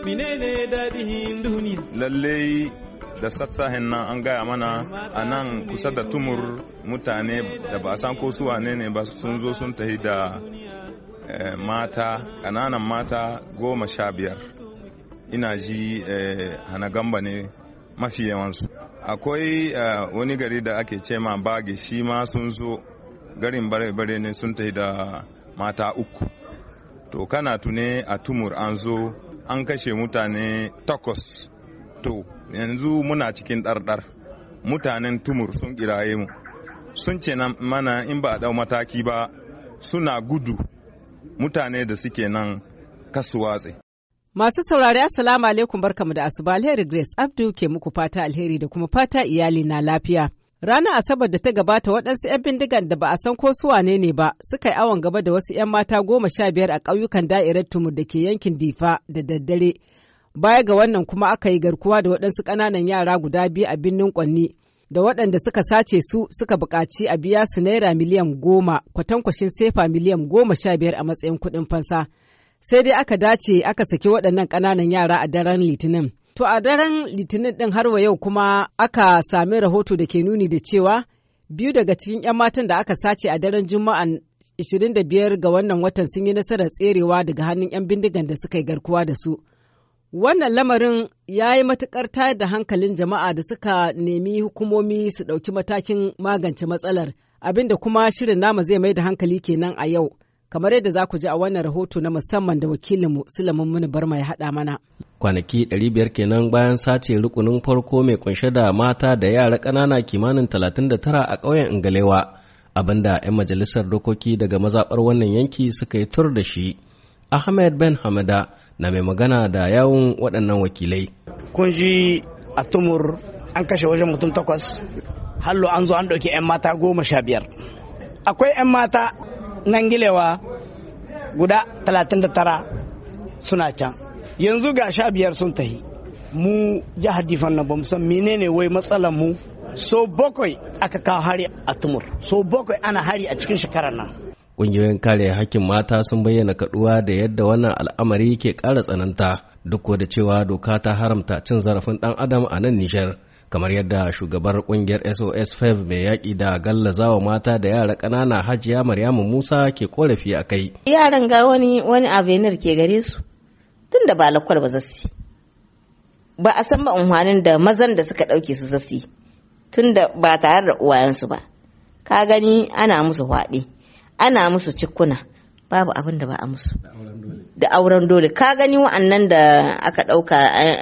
daɗin duniya lallai da sassahen nan an gaya mana a nan kusa da tumur mutane da ba a san ko su wane ne ba sun zo sun tahi da eh, mata ƙananan mata goma sha biyar ina ji eh, hanagamba ne mafi yawansu akwai eh, wani gari da ake ce ma bagi shi ma sun zo garin bare-bare ne sun tahi da mata uku to kana tune a tumur an zo an kashe mutane takwas to yanzu muna cikin ɗarɗar mutanen tumur sun kiraye mu sun ce na mana in ba a ɗau mataki ba suna gudu mutane da suke nan kasuwatse. Masu saurari Assalamu alaikum barkamu da asuba alheri Grace Abdu ke muku fata alheri da kuma fata iyali na lafiya. Ranar Asabar da ta gabata waɗansu 'yan bindigan da ba a san ko su wane ne ba suka yi awon gaba da wasu 'yan mata goma sha biyar a ƙauyukan da'irar Tumur da ke yankin Difa da daddare. Baya ga wannan kuma aka yi garkuwa da waɗansu ƙananan yara guda biyu a birnin Kwanni da waɗanda suka sace su suka buƙaci a biya su naira miliyan goma kwatankwashin sefa miliyan goma sha biyar a matsayin kuɗin fansa. Sai dai aka dace aka saki waɗannan ƙananan yara a daren Litinin. To a daren litinin ɗin har wa yau kuma aka sami rahoto da ke nuni da cewa biyu daga cikin 'yan matan da aka sace a daren juma'a 25 ga wannan watan sun yi nasarar tserewa daga hannun 'yan bindigan da suka yi garkuwa da su. Wannan lamarin ya yi matuƙar tayar da hankalin jama'a da suka nemi hukumomi su ɗauki matakin magance matsalar, abinda kuma shirin nama zai mai da hankali kenan a yau. kamar yadda za ku ji a wannan rahoto na musamman da wakilinmu Sulaiman Muni Barma ya haɗa mana. Kwanaki biyar kenan bayan sace rukunin farko mai kunshe da mata da yara ƙanana kimanin da tara a ƙauyen Ingalewa, abinda 'yan majalisar dokoki daga mazaɓar wannan yanki suka yi tur da shi. Ahmed Ben Hamada na mai magana da yawun waɗannan wakilai. Kun ji a tumur an kashe wajen mutum takwas, hallo an zo an ɗauki 'yan mata goma sha biyar. Akwai 'yan mata nangilewa guda 39 suna can yanzu ga sha biyar sun tahi mu jihar difan na bamu san menene wai matsalar mu so bakwai aka kawo hari a tumur so bakwai ana hari a cikin shekarar nan ƙungiyoyin kare hakkin mata sun bayyana kaduwa da yadda wannan al'amari ke ƙara tsananta duk da cewa doka ta haramta cin zarafin ɗan adam a nan nijar kamar yadda shugabar kungiyar sos 5 e mai yaƙi da gallazawa mata da yara ƙanana hajiya maryamu musa ke korafi a kai yaran ga wani wani avenir ke gare su tun da ba ba zasu ba a san ba unhwanin da mazan da suka ɗauke su zasu tun da ba tare da uwayensu ba ka gani ana musu hwaɗe ana musu cikuna babu abin da ba a musu da auren dole ka gani wa'annan da aka ɗauka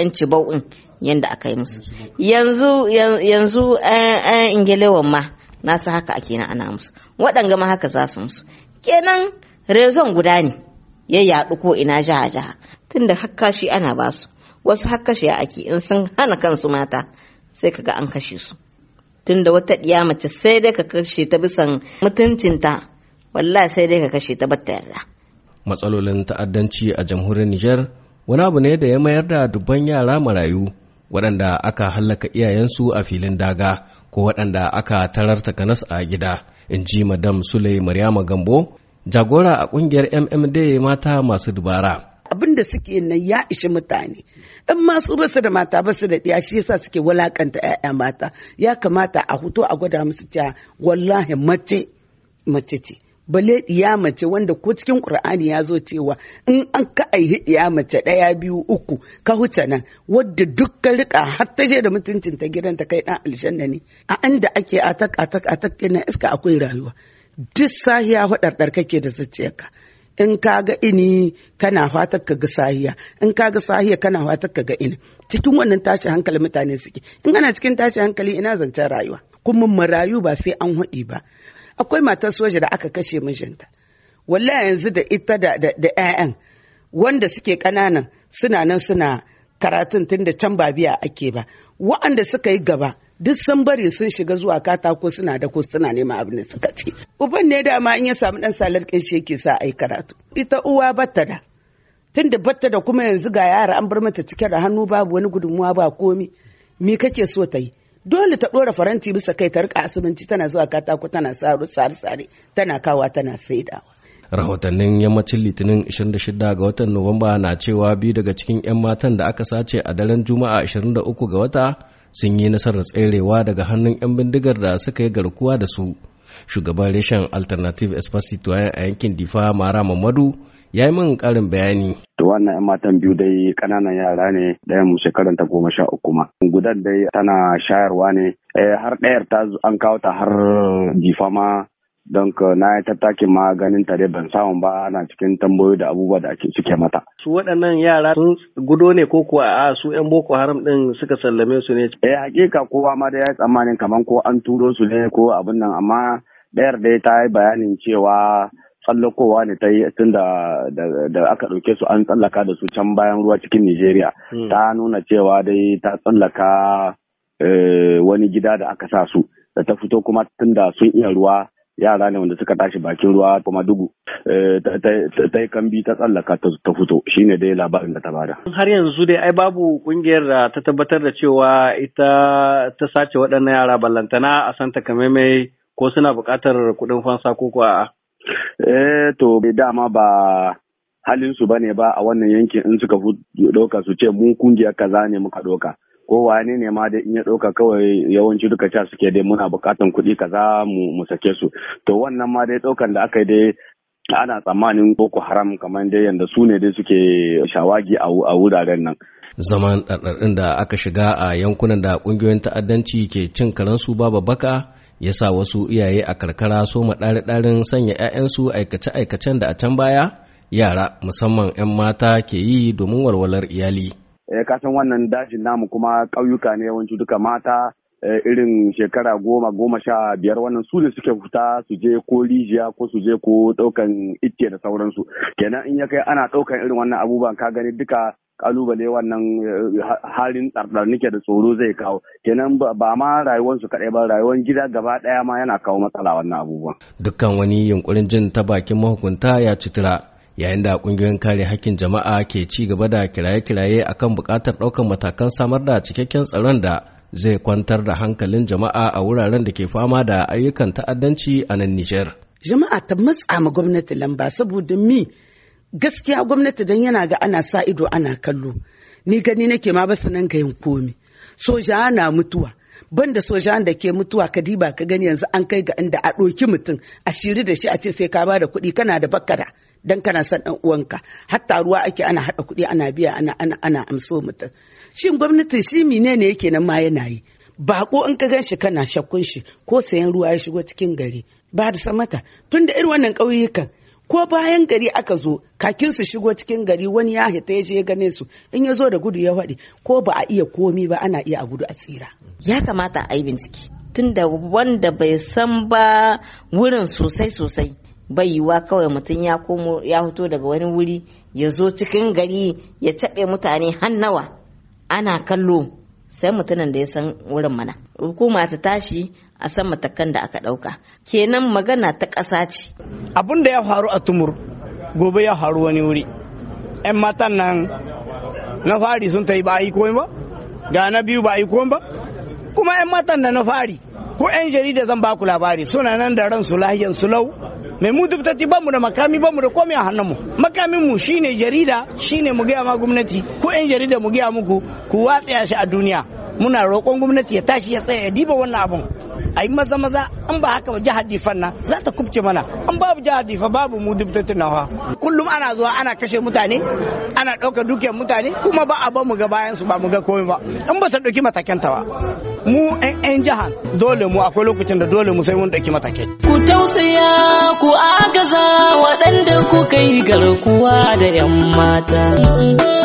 an ci bau'in yadda aka yi musu yanzu yanzu an eh, eh, ingilewan ma nasu haka ake na ana musu waɗanga ma haka za su musu kenan rezon guda ne ya yaɗu ko ina jiha jaha tunda hakka ana ba su wasu hakka shi ya ake in sun hana kansu mata sai kaga an kashe su tunda wata ɗiya mace sai dai ka kashe ta bisan mutuncinta wallahi sai dai ka kashe ta bata yarda matsalolin ta'addanci a jamhuriyar Nijar wani abu ne da ya mayar da dubban yara marayu waɗanda aka hallaka iyayensu a filin daga ko waɗanda aka tarar takanas a gida in ji madam sulai maryama gambo jagora a ƙungiyar mmd mata masu dubara abin da suke nan ya ishi mutane in masu su basu da mata basu da ɗiya shi yasa suke walakanta 'ya'ya mata ya kamata a huto a gwada musu cewa wallahi mace mace ce bale ɗiya mace wanda ko cikin ƙur'ani ya zo cewa in an ka aihi ɗiya mace ɗaya biyu uku ka huce nan wadda duk ka riƙa har ta je da mutuncin ta gidan ta kai ɗan aljanna ne a inda ake atak atak atak ina iska akwai rayuwa duk sahiya huɗarɗar kake da zuciyarka in ka ga ini kana fatar ka ga sahiya in ka ga sahiya kana fatar ka ga ini cikin wannan tashin hankali mutane suke in kana cikin tashin hankali ina zancen rayuwa kuma marayu ba sai an haɗi ba akwai matar soja da aka kashe mijinta wallahi yanzu da ita da da 'ya'yan wanda suke kananan suna nan suna karatun tun da can ba biya ake ba wa'anda suka yi gaba duk sun bari sun shiga zuwa katako suna da ko suna neman abin da suka ce uban ne dama in ya samu dan salar shi yake sa ai karatu ita uwa batta da tun da batta da kuma yanzu ga yara an bar mata cike da hannu babu wani gudunmuwa ba komi me kake so ta yi dole ta ɗora faranti bisa kai ta rika asibinci tana zuwa katako tana tsare sare tana kawa tana saidawa rahotannin yammacin litinin 26 ga watan nuwamba na cewa biyu daga cikin 'yan matan da aka sace a daren juma'a 23 ga wata sun yi nasarar tserewa daga hannun 'yan bindigar da suka yi garkuwa da su shugaban reshen alternative espacito a yankin difa mara mamadu ya yi min karin bayani to wannan yan matan biyu dai kananan yara ne ɗayan mu shekaran ta goma sha uku ma gudan dai tana shayarwa ne eh, har ɗayar ta an kawo ta har jifa ma don na yi tattakin ma ganin ta ban samun ba ana cikin tambayoyi da abubuwa da ake suke mata. Su waɗannan yara sun gudo ne ko kuwa a su 'yan Boko Haram ɗin suka sallame su ne? Eh hakika kowa ma da ya yi tsammanin kamar ko an turo su ne ko abin nan amma ɗayar dai ta yi bayanin cewa tsallakowa ne ta yi tun da, aka ɗauke su an tsallaka da su can bayan ruwa cikin Nijeriya. Hmm. Ta nuna cewa dai ta tsallaka eh, wani gida da aka sa su da ta fito kuma tun da sun iya ruwa yara ne wanda suka tashi bakin ruwa kuma dugu eh, ta yi kambi ta tsallaka ta fito shine dai labarin da ta bada. Har yanzu dai ai babu kungiyar da ta tabbatar da cewa ita ta sace waɗannan yara ballantana a santa kameme ko suna buƙatar kuɗin fansa ko kuwa Eh to dama ba halin su bane ba a wannan yankin in suka ɗauka su ce mu kungiya kaza ne muka ɗauka ko wane ne ma da in ya ɗauka kawai yawanci duka ca suke dai muna buƙatar kuɗi kaza mu sake su to wannan ma dai ɗaukan da aka yi dai ana tsammanin boko haram kamar dai yadda su ne dai suke shawagi a wuraren nan zaman ɗarɗarɗin da aka shiga a yankunan da ƙungiyoyin ta'addanci ke cin karansu babu baka ya sa wasu iyaye a karkara so ɗari-ɗarin sanya 'ya'yansu aikace-aikacen da a can baya yara musamman 'yan mata ke yi domin walwalar iyali Eh, ka san wannan dashin namu kuma ƙauyuka ne yawanci duka mata eh, irin shekara goma goma sha biyar wannan su ne suke fita su je ko rijiya ko su je ko ɗaukan itke da sauransu kenan in ya kai ana ɗaukan irin wannan abubuwan ka gani duka ƙalubale wannan eh, halin tsardar nike da tsoro zai kawo kenan ba ma rayuwarsu kaɗai ba rayuwar gida gaba ɗaya ma yana kawo matsala wannan abubuwan dukkan wani yunkurin jin ta bakin mahukunta ya citira yayin da kungiyoyin kare hakkin jama'a ke ci gaba da kiraye-kiraye akan bukatar ɗaukar matakan samar da cikakken tsaron da zai kwantar da hankalin jama'a a wuraren da ke fama da ayyukan ta'addanci a nan Nijar. Jama'a ta matsa ma gwamnati lamba saboda mi gaskiya gwamnati dan yana ga ana sa ido ana kallo. Ni gani nake ma ba nan ga yin komi. Soja na mutuwa. banda sojan da ke mutuwa kadiba ka gani yanzu an kai ga inda a ɗoki mutum a shiri da shi a ce sai ka ba da kuɗi kana da bakara dan kana son dan uwanka hatta ruwa ake ana haɗa kuɗi ana biya ana ana ana amso mutum shin gwamnati shi mine ne yake nan ma yana yi bako in ka ganshi kana shakkun shi ko sayan ruwa ya shigo cikin gari ba da samata tunda irin wannan ƙauyukan ko bayan gari aka zo kakin su shigo cikin gari wani ya hita ya je gane su in ya zo da gudu ya faɗi ko ba a iya komi ba ana iya a gudu a tsira ya kamata a yi bincike tunda wanda bai san ba wurin sosai sosai bai yiwuwa kawai mutum ya komo ya fito daga wani wuri ya zo cikin gari ya taɓe mutane hannawa ana kallo sai mutumin da ya san wurin mana hukuma ta tashi a san matakan da aka ɗauka kenan magana ta ƙasa ce abin da ya faru a tumur gobe ya faru wani wuri 'yan matan nan na fari sun ta yi ba a yi komai ba ga na biyu ba a yi komai ba kuma 'yan matan da na fari ko 'yan jarida zan ba ku labari suna nan da su lahiyan su lau mai mu dubtati ba mu da makami ba mu da komai a hannun mu makamin mu shine jarida shine mu gaya ma gwamnati ko yan jarida mu gaya muku ku watsa shi a duniya muna roƙon gwamnati ya tashi ya tsaya ya diba wannan abun a maza maza an ba haka ba jihar difan nan za ta kubce mana an babu jihar difa babu mu dubtatun nawa kullum ana zuwa ana kashe mutane ana ɗauka dukiyar mutane kuma ba a mu ga bayan su ba mu ga komai ba in ba ta ɗauki matakan ta ba mu yan jihar dole mu akwai lokacin da dole mu sai mun ɗauki matakai. ku tausaya ku agaza waɗanda ku kai garkuwa da 'yan mata.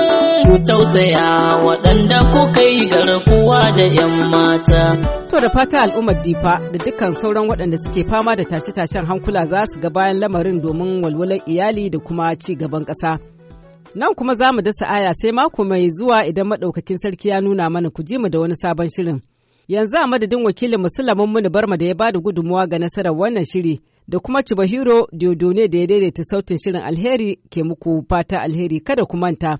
ku tausaya waɗanda ku kai garkuwa da 'yan mata. To da fata al'ummar difa da dukkan sauran waɗanda suke fama da tashe-tashen hankula za su ga bayan lamarin domin walwalar iyali da kuma ci gaban ƙasa. Nan kuma za mu dasa aya sai mako mai zuwa idan maɗaukakin sarki ya nuna mana ku ji mu da wani sabon shirin. yanzu a madadin wakilin musulmin muni barma da ya ba da gudunmuwa ga nasarar wannan shiri da kuma cibahiro diodone da ya daidaita sautin shirin alheri ke muku fata alheri kada ku manta